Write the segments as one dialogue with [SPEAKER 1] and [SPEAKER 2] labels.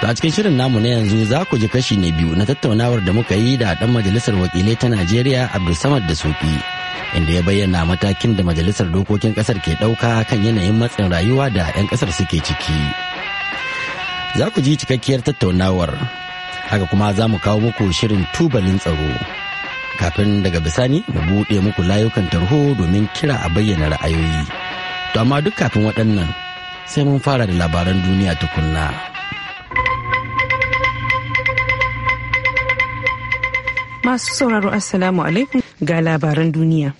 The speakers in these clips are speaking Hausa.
[SPEAKER 1] To a cikin shirin namu na yanzu za ku ji kashi na biyu na tattaunawar da muka yi da dan majalisar wakilai ta Najeriya Abdulsamad da Sufi inda ya bayyana matakin da majalisar dokokin kasar ke ɗauka kan yanayin matsin rayuwa da 'yan kasar suke ciki. Za ku ji cikakkiyar tattaunawar haka kuma za mu kawo muku shirin tubalin tsaro kafin daga bisani mu buɗe muku layukan tarho domin kira a bayyana ra'ayoyi. To amma duk kafin waɗannan sai mun fara da labaran duniya tukunna.
[SPEAKER 2] Masu sauraro Assalamu alaikum ga labaran duniya.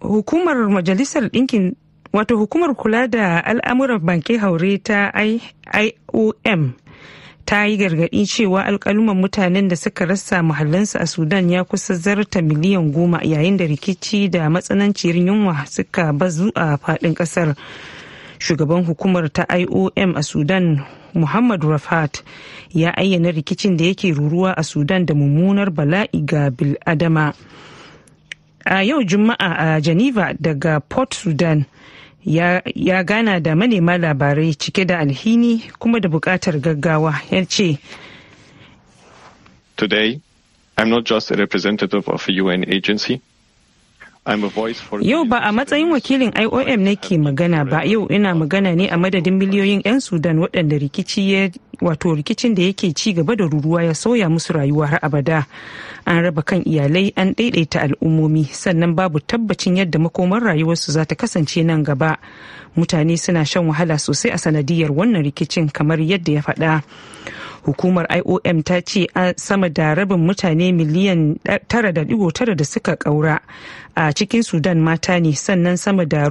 [SPEAKER 2] Hukumar majalisar ɗinkin wato hukumar kula da al'amuran banki haure ta iom ta yi gargaɗi cewa alƙaluman mutanen da suka rasa muhallinsu a sudan ya kusa zarta miliyan goma yayin da rikici da matsananciyar yunwa suka bazu a faɗin ƙasar shugaban hukumar ta iom a sudan muhammad rafat ya ayyana rikicin da yake ruruwa a sudan da mummunar bala'i ga biladama a yau juma'a a geneva daga port sudan ya, ya gana da manema labarai cike da alhini kuma da bukatar gaggawa ya ce
[SPEAKER 3] today i'm not just a representative of a un agency
[SPEAKER 2] Yau ba a matsayin wakilin IOM nake magana ba yau ina magana ne a madadin miliyoyin 'yan Sudan waɗanda rikici ya wato rikicin da yake ci gaba da ruruwa ya sauya musu rayuwa har abada. An raba kan iyalai an ɗaiɗaita al'ummomi sannan babu tabbacin yadda makomar rayuwarsu za ta kasance nan gaba. Mutane suna shan wahala sosai a sanadiyar wannan rikicin kamar yadda ya faɗa. hukumar iom ta ce sama da rabin mutane miliyan 9.9 da suka kaura a cikin sudan mata ne sannan sama da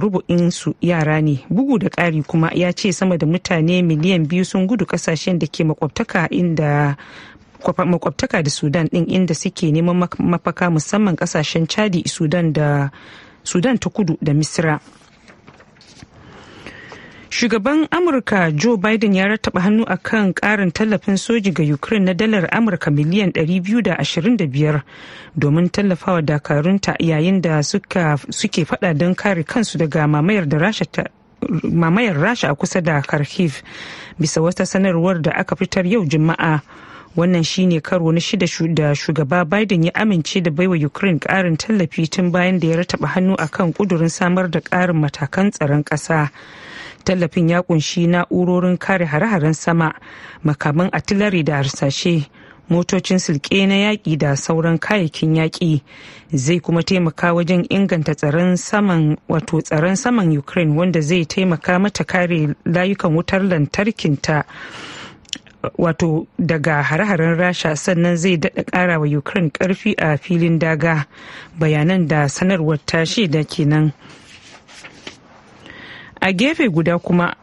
[SPEAKER 2] su yara ne bugu da ƙari kuma ya ce sama da mutane miliyan biyu sun gudu kasashen da ke makwabtaka inda makwabtaka da sudan din inda suke neman mafaka musamman kasashen chadi sudan sudan ta kudu da misra Shugaban Amurka Joe Biden ya rattaba hannu a kan karin tallafin soji ga Ukraine na dalar Amurka miliyan 225 domin tallafawa dakarunta yayin da suke fada don kare kansu daga mamayar da Rasha ta mamayar rasha a kusa da kharkiv bisa wata sanarwar da aka fitar yau juma'a wannan shine karo na shida da shugaba biden ya amince da baiwa ukraine karin tallafi tun bayan da ya rataba hannu akan kudurin samar da karin matakan tsaron kasa. tallafin ya kunshi na'urorin kare hare-haren sama makaman atilari da harsashe motocin silke na yaƙi da sauran kayayyakin yaƙi zai kuma taimaka wajen inganta tsaron saman wato tsaron saman ukraine wanda zai taimaka mata kare layukan wutar lantarkinta wato daga hare-haren rasha sannan zai daɗa ƙara wa ukraine ƙarfi a filin daga bayanan da sanarwar tashi da kenan. a gefe guda kuma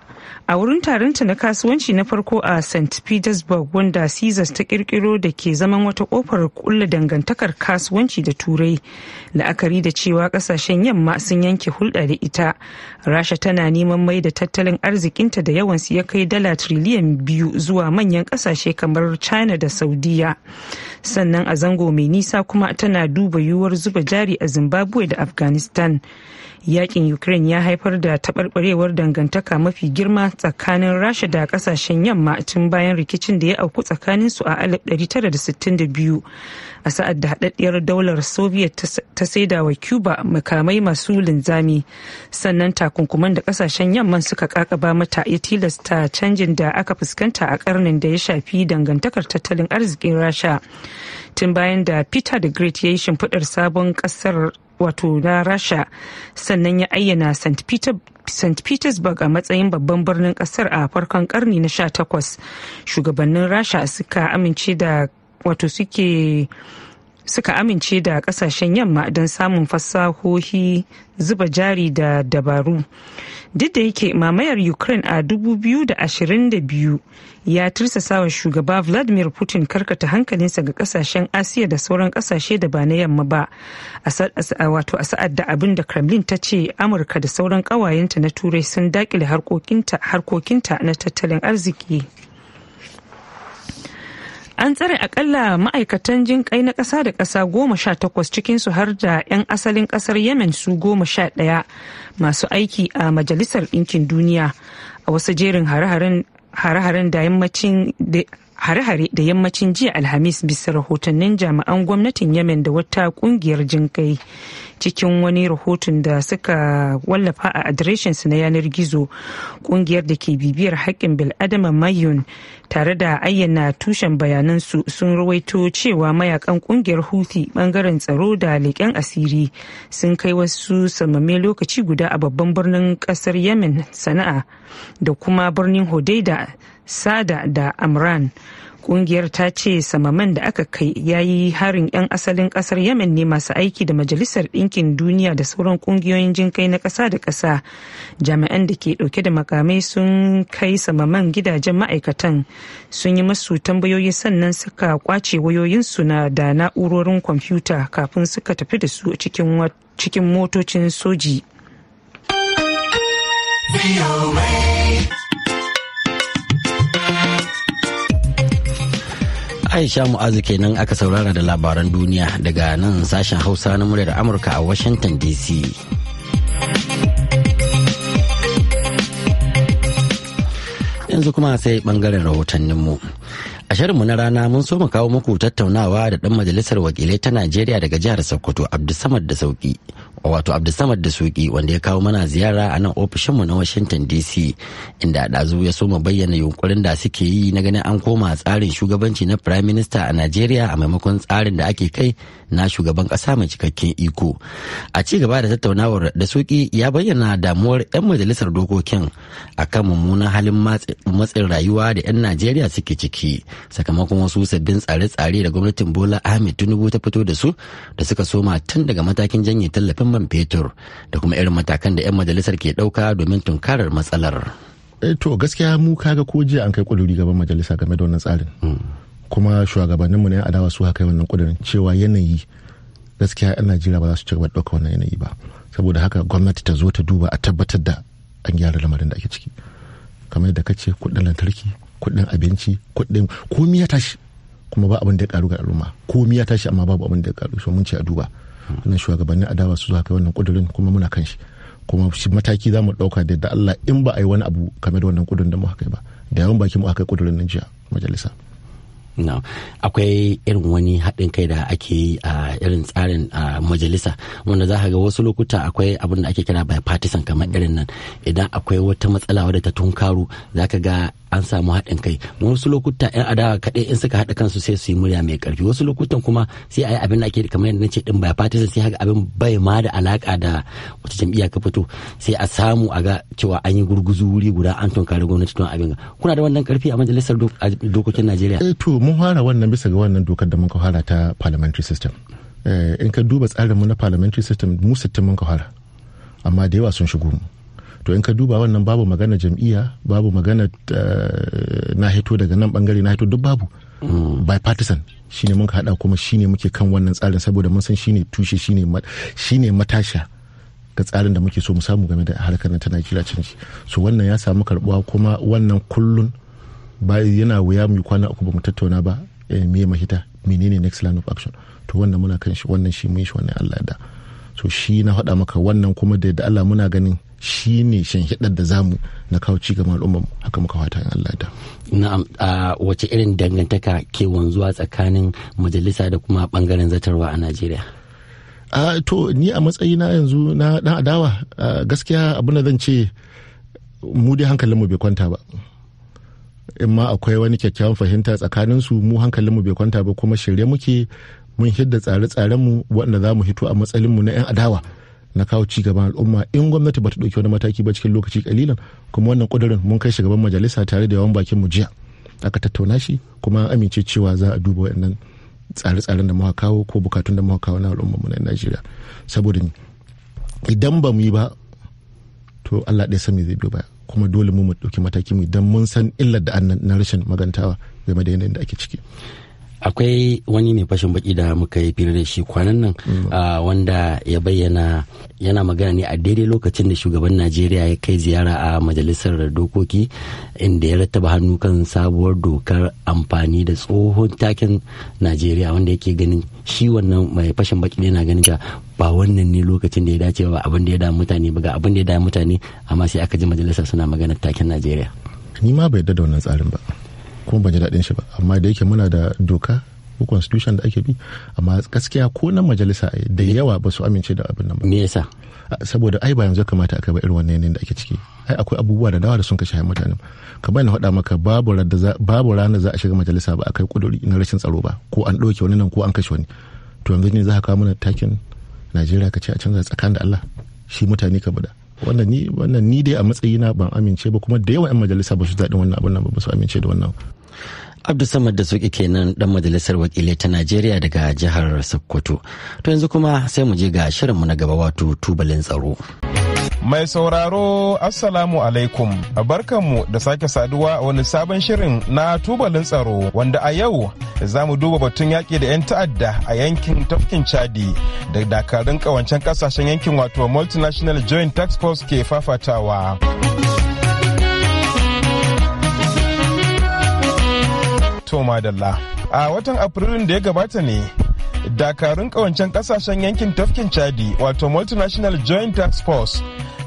[SPEAKER 2] a wurin taronta na kasuwanci na farko a st petersburg wanda caesars ta kirkiro da ke zaman wata kofar kulla dangantakar kasuwanci da turai la'akari da cewa kasashen yamma sun yanke hulɗa da ita rasha tana neman mai da tattalin arzikinta da yawansu ya kai dala triliyan biyu zuwa manyan kasashe kamar china da saudiya sannan a zango mai nisa kuma tana duba yiwuwar zuba jari a zimbabwe da afghanistan yakin ukraine ya haifar da taɓarɓarewar dangantaka mafi girma tsakanin rasha da kasashen yamma tun bayan rikicin da ya auku tsakanin su a 1962 a sa'ad da haɗaɗɗiyar daular soviet ta saida wa cuba makamai masu linzami sannan takunkuman da kasashen yamman suka kakaba mata ya tilasta canjin da aka fuskanta a karnin da ya shafi dangantakar tattalin arzikin rasha tun bayan da peter the great ya yi shimfiɗar sabon ƙasar wato na rasha sannan ya ayyana st St. Petersburg a matsayin babban birnin kasar a farkon karni na 18 shugabannin rasha suka amince da wato suke suka amince da kasashen yamma don samun fasahohi zuba jari da dabaru duk da yake mamayar ukraine a 2022 ya tursasawa shugaba vladimir putin karkata hankalinsa ga kasashen asiya da sauran kasashe da ba na yamma ba wato a sa'ad da abin da kremlin ta ce amurka da sauran kawayenta na turai sun dakile harkokinta na tattalin arziki an tsare akalla ma'aikatan jin kai na ƙasa da ƙasa goma sha takwas cikinsu har da 'yan asalin ƙasar yemen su goma sha ɗaya masu aiki a majalisar ɗinkin duniya a wasu jerin hare-haren da yammacin hare-hare da yammacin jiya alhamis bisa rahotannin jami'an gwamnatin yemen da wata kungiyar jinkai cikin wani rahoton da suka wallafa a adireshinsu na yanar gizo kungiyar da ke bibiyar haƙƙin bil'adama mayun tare da ayyana tushen bayanansu sun ruwaito cewa mayakan kungiyar houthi bangaren tsaro da leƙen asiri sun kai wasu samame lokaci guda a babban birnin kasar yemen sana'a da kuma birnin hodeida sada da amran kungiyar ta ce samaman da aka kai ya yi harin 'yan asalin kasar yemen ne masu aiki da majalisar ɗinkin duniya da sauran kungiyoyin jinkai na ƙasa da ƙasa jami'an da ke ɗauke da makamai sun kai samaman gidajen ma'aikatan sun yi masu tambayoyi sannan suka kwace wayoyinsu na da na'urorin kwamfuta kafin suka tafi da su cikin motocin soji.
[SPEAKER 1] Aisha Mu'azu kenan aka saurara da labaran duniya daga nan sashen Hausa na muryar Amurka a Washington DC. Yanzu kuma sai bangaren rahotanninmu. A shirinmu na rana mun so mu kawo muku tattaunawa da ɗan majalisar wakilai ta Najeriya daga jihar Sokoto Abdulsamad da Sauki wato abdulsamad da suki wanda ya kawo mana ziyara a nan ofishinmu na washington dc inda dazu ya soma bayyana yunkurin da suke yi na ganin an koma tsarin shugabanci na prime minister a nigeria a maimakon tsarin da ake kai na shugaban ƙasa mai cikakken iko a ci gaba da tattaunawar da suki ya bayyana damuwar 'yan majalisar dokokin akan mummunan halin matsin rayuwa da 'yan nigeria suke ciki sakamakon wasu sabbin tsare-tsare da gwamnatin bola ahmed tinubu ta fito da su da suka soma tun daga matakin janye tallafin man fetur da kuma irin matakan da 'yan majalisar ke ɗauka domin tunkarar matsalar.
[SPEAKER 4] Eh, to gaskiya mu kaga ko jiya an kai kuduri gaban majalisa game da wannan tsarin hmm. kuma shugabanninmu na adawa su haka wannan kudurin cewa yanayi gaskiya yan najeriya ba za su ci gaba da wannan yanayi ba saboda haka gwamnati ta zo ta duba a tabbatar da an gyara lamarin da ake ciki kamar yadda ka ce kuɗin lantarki kuɗin abinci kuɗin komi ya tashi kuma ba abin da ya karu ga al'umma komi ya tashi amma babu abin da ya karu so mun ce a duba na shugabannin adawa su zuwa kai wannan kudurin kuma muna kan shi kuma shi mataki za mu dauka da Allah in ba a yi wani abu kamar wannan kudurin da mu haka ba da yawan baki mu aka kudurin nan jiya majalisa
[SPEAKER 1] na akwai irin wani haɗin kai da ake yi a irin tsarin majalisa wanda za ka ga wasu lokuta akwai abin da ake kira bipartisan kamar irin nan idan akwai wata matsala wadda ta tunkaru za ka ga an samu haɗin kai wasu lokuta yan adawa kaɗai in suka haɗa kansu sai su yi murya mai ƙarfi wasu lokutan kuma sai a yi abin da ake kamar yadda nace din bai fata sai haka abin bai ma da alaka da wata jam'iyya ka fito sai a samu a ga cewa an yi gurguzu wuri guda an tunkari gwamnati tun abin kuna da wannan ƙarfi a majalisar dokokin Najeriya. Eh
[SPEAKER 4] to mun fara wannan bisa ga wannan dokar da muka fara ta parliamentary system. Eh in ka duba tsarinmu na parliamentary system mu sittin mun ka fara amma da yawa sun shigo mu. to in ka duba wannan babu magana jam'iyya babu magana eh, na hito daga nan bangare na hito duk babu mm. bipartisan shine mun hada kuma shine muke kan wannan tsarin saboda mun san shine tushe shine shine matasha ga tsarin da muke so mu samu game da harkar ta Najeriya canji so wannan ya samu karbuwa kuma wannan kullun ba yana wuya mu kwana uku ba mu tattauna ba eh, me mahita menene next line of action to wannan muna kan shi wannan shi mun shi wannan Allah da so shi na hada maka wannan kuma da Allah muna ganin shi ne hidar da zamu na kawo ci gaban al'ummar haka muka fata in Allah da.
[SPEAKER 1] Na'am a wace irin dangantaka ke wanzuwa tsakanin majalisa da kuma bangaren zatarwa a Najeriya?
[SPEAKER 4] A to ni a matsayina yanzu na dan adawa gaskiya abin da zan ce mu dai mu bai kwanta ba. In ma akwai wani kyakkyawan fahimta tsakanin su mu hankalin mu bai kwanta ba kuma shirye muke mun hidda tsare tsaren mu waɗanda za mu hito a matsayinmu na 'yan adawa. na kawo ci gaban al'umma in gwamnati bata dauki wani mataki ba cikin lokaci kalilan kuma wannan kudirin mun kai shugaban majalisa tare da yawan bakin mu jiya aka tattauna shi kuma amince cewa za a duba waɗannan tsare-tsaren da muka kawo ko bukatun da muka kawo na al'umma mu na Najeriya saboda idan ba mu yi ba to Allah ɗaya san zai biyo ba kuma dole mu mu ɗauki mataki mu idan mun san illar da annan na rashin magantawa game da yanayin da ake ciki. akwai wani mai fashin baki
[SPEAKER 1] da muka yi fira da shi kwanan nan mm. ah, wanda ya bayyana yana magana ne a daidai lokacin da shugaban najeriya ya kai ziyara a majalisar dokoki inda ya rattaba hannu kan sabuwar dokar amfani da tsohon takin najeriya wanda yake ganin shi wannan mai fashin baki yana ganin ta ba wannan ne lokacin da ya dace ba abin da ya damu mutane ba ga abin da ya damu mutane amma sai aka ji majalisar suna magana takin najeriya
[SPEAKER 4] ni ma bai da wannan tsarin ba kuma ban ji daɗin shi ba amma da yake muna da doka ko constitution da ake bi amma gaskiya ko nan majalisa eh, da yawa ba su amince da abin nan ba me yasa saboda ai ba yanzu kamata aka ba irin wannan yanayin da ake ciki ai akwai abubuwa da dawa da sun kashe hayan mutane ka na faɗa maka babu babu rana za a shiga majalisa ba akai kuduri na rashin tsaro ba ko an ɗauke wani nan ko an kashe wani to yanzu ne za ka kawo mana takin Najeriya ka ce a canza tsakanin da Allah shi mutane ka bada wannan ni wannan ni dai a matsayina ban amince ba kuma da yawa 'yan majalisa ba su daɗin wannan abin nan ba su amince da wannan
[SPEAKER 1] Abdulsamad da suke kenan dan majalisar wakilai ta Najeriya daga jihar Sokoto. To yanzu kuma sai mu je ga shirinmu na gaba wato tubalin tsaro.
[SPEAKER 5] Mai sauraro Assalamu alaikum barkanmu da sake saduwa a wani sabon shirin na tubalin tsaro wanda a yau za mu duba batun yaƙi da 'yan ta'adda a yankin tafkin Chadi da dakarun ƙawancen ƙasashen yankin wato multinational joint Task force ke fafatawa. toma dalla A watan Afrilun da ya gabata ne dakarun kawancen kasashen yankin tafkin chadi wato multinational joint Task force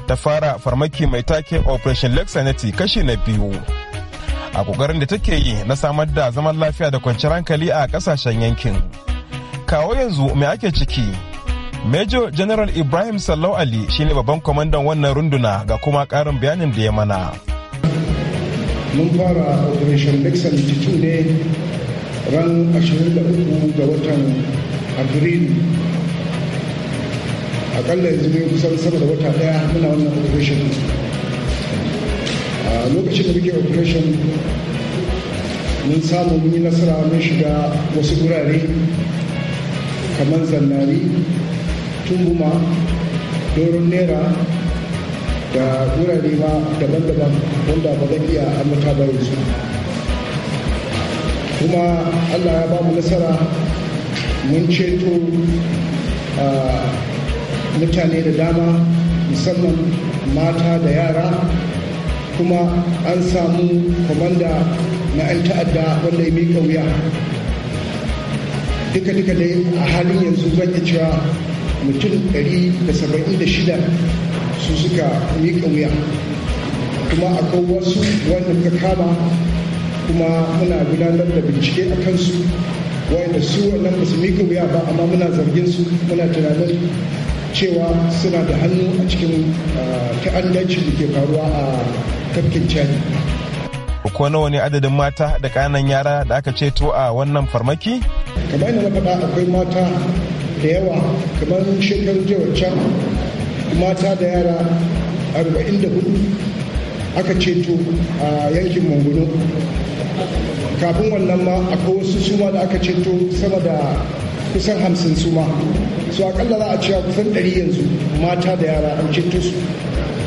[SPEAKER 5] ta fara farmaki mai take operation Lake sanity kashi na biyu a kokarin da take yi na samar da zaman lafiya da kwanciyar hankali a kasashen yankin kawo yanzu mai ake ciki major general ibrahim sallau ali shine babban kwamandan wannan runduna ga kuma karin bayanin da ya mana
[SPEAKER 6] mun fara operation nixon 2 ne ran 23 ga watan afrilu akalla yanzu ne kusan sama da wata daya muna wannan operation a lokacin da muke operation mun samu mun yi nasara mun shiga wasu wurare kamar zannari tunguma doron nera da wurare ma daban-daban wanda ba zan iya ambata ba yanzu kuma allah ya ba mu nasara mun ceto mutane da dama musamman mata da yara kuma an samu kwamanda na 'yan ta'adda wanda ya miƙa kauya duka-duka dai a halin yanzu zan cewa mutum 176 su suka miƙa wuya kuma akwai wasu wanda muka kama kuma muna gudanar da bincike a kansu wanda su wannan ba su miƙa wuya ba amma muna zargin su muna tunanin cewa suna da hannu a cikin ah, ta'addanci da ke faruwa a tafkin cani ko nawa
[SPEAKER 5] ne adadin mata da kanan yara da aka ceto a wannan farmaki?
[SPEAKER 6] kamar yadda na akwai mata da yawa kamar shekaru jiya can mata da yara 44 aka ceto a yankin mongolo kafin wannan ma akwai wasu suma da aka ceto sama da kusan hamsin suma su akalla za a cewa kusan 100 yanzu mata da yara an ceto su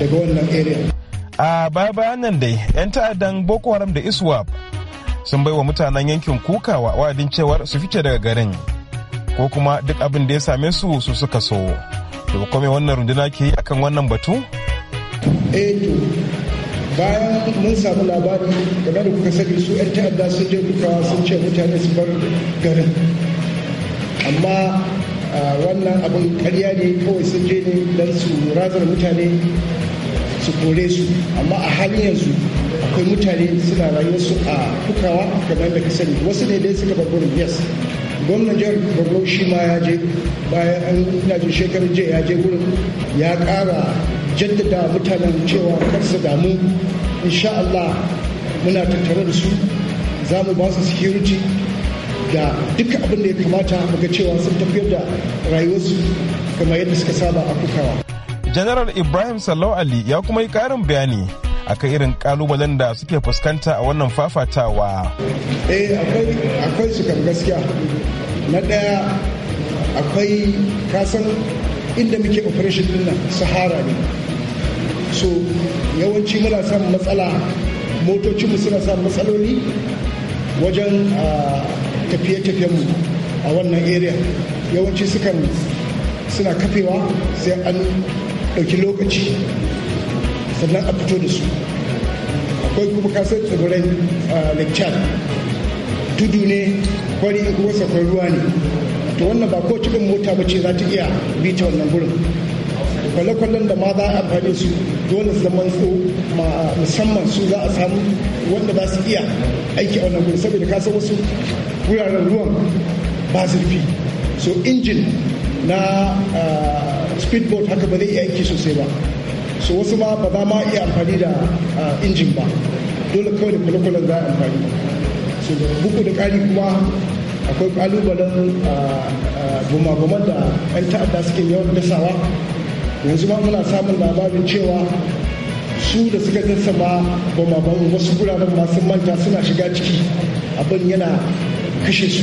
[SPEAKER 6] daga wannan area a baya bayan nan dai 'yan ta'addan boko haram da
[SPEAKER 5] iswap sun baiwa mutanen yankin kukawa wa'adin cewar su fice daga garin ko kuma duk abin da ya same su su suka so to kome wannan runduna ke yi akan wannan batu
[SPEAKER 6] eh to bayan mun samu labari game da kuka sani su 'yan ta'adda sun je kukawa sun ce mutane su bar garin amma wannan abin karya ne kawai sun je ne don su razar mutane su kore su amma a hanyar su akwai mutane suna rayuwarsu a kukawa kamar da ka sani wasu ne dai suka bar yes gwamnan jihar borno shi ma ya je bayan an ina jin shekarar jiya ya je gurin ya kara jaddada mutanen cewa kar su damu insha Allah muna tattare da su za mu ba su security da duk abin da ya kamata muka cewa sun tafiyar da rayuwarsu kamar yadda suka saba a kukawa. General Ibrahim
[SPEAKER 5] Sallau Ali ya kuma yi ƙarin bayani akan irin kalubalen da suke fuskanta a wannan fafatawa.
[SPEAKER 6] Eh akwai shi kan gaskiya. Na ɗaya akwai kasan inda muke operation din nan sahara ne. So yawanci muna samun matsala mu suna samun matsaloli wajen tafiye mu a wannan area yawanci sukan suna kafewa sai an ɗauki lokaci sannan a fito da su akwai kuma kasar tsibirai a lake tudu ne kwari kuma sakwai ruwa ne to wannan ba ko cikin mota ba ce za ta iya bi ta wannan gurin kwale-kwalen da ma za a amfani su dole su zama musamman su za a samu wanda ba su iya aiki a wannan gurin saboda kasar wasu wuraren ruwan ba zurfi so injin na speedboat haka ba zai iya aiki sosai ba so wasu ma ba ma iya amfani da injin ba dole kawai da kwale-kwalen za a amfani so da buku da kari kuma akwai ƙalubalen goma da 'yan ta'adda suke yawan dasawa yanzu ma muna samun labarin cewa su da suka dasa ba bumabuman wasu guraren masu manta suna shiga ciki abin yana kashe su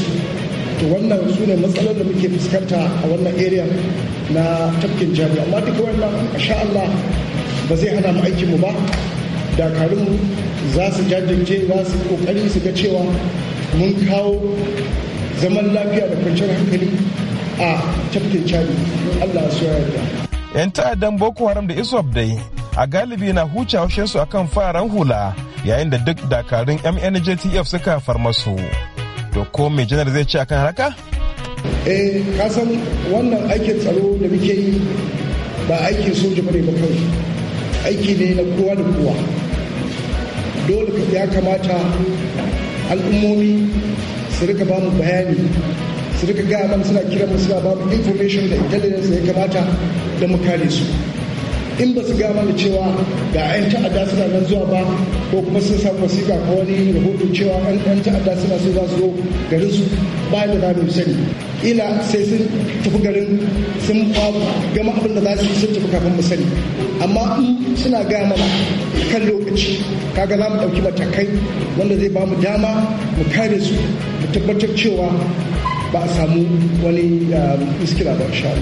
[SPEAKER 6] to wannan su ne matsalar da muke fuskanta a wannan area na tafkin jami'a amma duka wannan insha Allah ba zai hana mu aikin mu ba dakarun za su jajirce za su kokari su ga cewa mun kawo zaman lafiya da kwanciyar hankali a tafkin chadi allah su yarda
[SPEAKER 5] yan ta'addan boko haram da iswap dai a galibi na huce su akan faran hula yayin da duk dakarun mnjtf suka farmasu to ko mai janar zai ci akan haka
[SPEAKER 6] eh kasan wannan aikin tsaro da muke yi ba aikin soja bane ba kawai aiki ne na kowa da kowa dole ya kamata al'ummomi su rika bamu bayani su rika gaya mana suna kiran mu suna bamu information da intelligence ya kamata da mu kare su in ba su gaya mana cewa ga 'yan ta'adda suna nan zuwa ba ko kuma sun samu wasiƙa ko wani rahoto cewa 'yan ta'adda suna so za su zo garin su ba da za da sani ila sai sun tafi garin sun gama abin da za su yi sun tafi kafin mu sani amma in suna gaya mana kan lokaci kaga za mu ɗauki matakai wanda zai ba mu dama mu kare su mu tabbatar cewa ba a samu wani um, iskila ba insha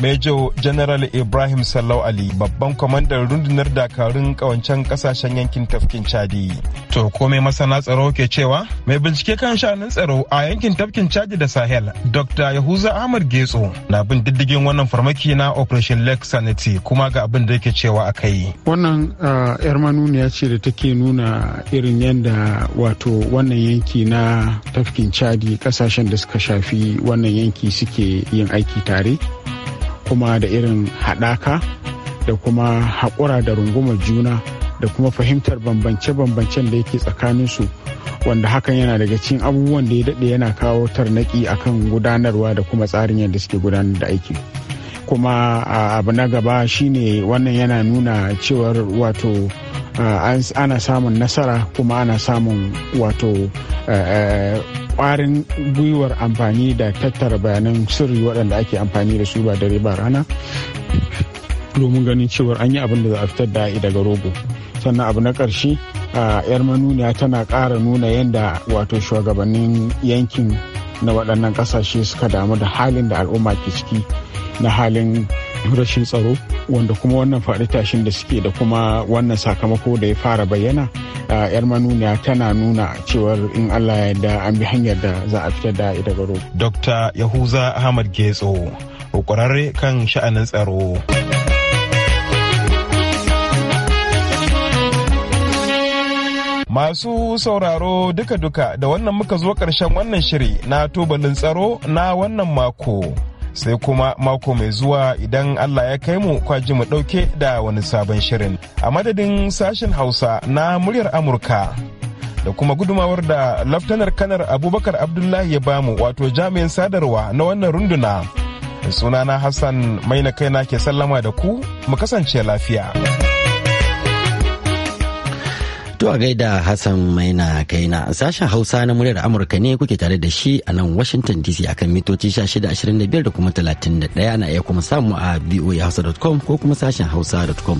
[SPEAKER 5] Major General Ibrahim Sallau Ali babban kwamandan rundunar dakarun kawancen kasashen yankin tafkin Chadi. To kome masana tsaro ke cewa mai bincike kan shanun tsaro a yankin tafkin Chadi da Sahel Dr. Yahuza Ahmad Getso na bin diddigin wannan farmaki na Operation Lake Sanity kuma ga abin da yake cewa a kai.
[SPEAKER 3] Wannan uh, yar manuniya ce da take nuna irin yadda wato wannan yanki na tafkin Chadi kasashen da suka shafi wannan yanki suke yin aiki tare. kuma da irin haɗaka da kuma haƙura da rungumar juna da kuma fahimtar bambance-bambancen da yake tsakaninsu wanda hakan yana daga cikin abubuwan da ya daɗe yana kawo tarnaki akan gudanarwa da kuma tsarin yadda suke gudanar da aiki kuma abu na gaba shine wannan yana nuna cewar wato ana samun nasara kuma ana samun wato kwarin gwiwar amfani da tattara bayanan sirri waɗanda ake amfani da su ba dare ba rana domin ganin cewar an yi abin da za a fitar da daga rogo sannan abu na ƙarshe a yar manuniya tana ƙara nuna yadda wato shugabannin yankin na waɗannan ƙasashe suka damu da halin da al'umma ke ciki na halin rashin tsaro wanda kuma wannan faɗi tashin da suke da kuma wannan sakamako da ya fara bayyana yar manuniya tana nuna cewar in allah ya da an bi hanyar da za a fitar da ita garo.
[SPEAKER 5] dr yahuza ahmad getso kwararre kan sha'anin tsaro. Masu sauraro duka-duka da wannan muka zo ƙarshen wannan shiri na tubalin tsaro na wannan mako. sai kuma mako mai zuwa idan Allah ya kai mu kwaji mu ɗauke da wani sabon shirin. A madadin sashen Hausa na muryar Amurka da kuma gudumawar da Laftanar Kanar Abubakar Abdullahi ya bamu wato jami'in sadarwa na wannan runduna. Sunana Hassan Maina kaina ke sallama da ku mu kasance lafiya.
[SPEAKER 1] To a gaida Hassan Maina Kaina sashen Hausa na muryar Amurka ne kuke tare da shi a nan Washington DC akan mitoci 1625 da kuma 31 na iya kuma samu a voahausa.com ko kuma sashen hausa.com.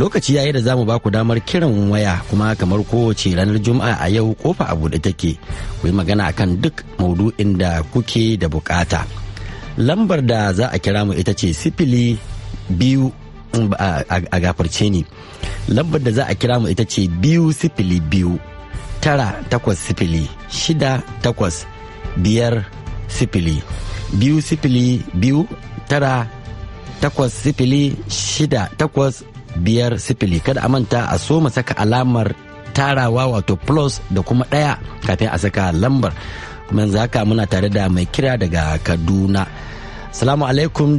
[SPEAKER 1] Lokaci yayi da zamu ba ku damar kiran waya kuma kamar kowace ranar Juma'a a yau kofa a buɗe take. Ku yi magana akan duk maudu'in da kuke da bukata. Lambar da za a kira mu ita ce sifili biyu a gafarce ni lambar da za a kira mu ita ce biyu sifili biyu tara takwas sifili shida takwas biyar sifili biyu sifili biyu tara takwas sifili shida takwas biyar sifili kada a manta a so mu saka alamar tarawa wato plus da kuma ɗaya kafin a saka lambar kuma yanzu haka muna tare da mai kira daga kaduna salamu alaikum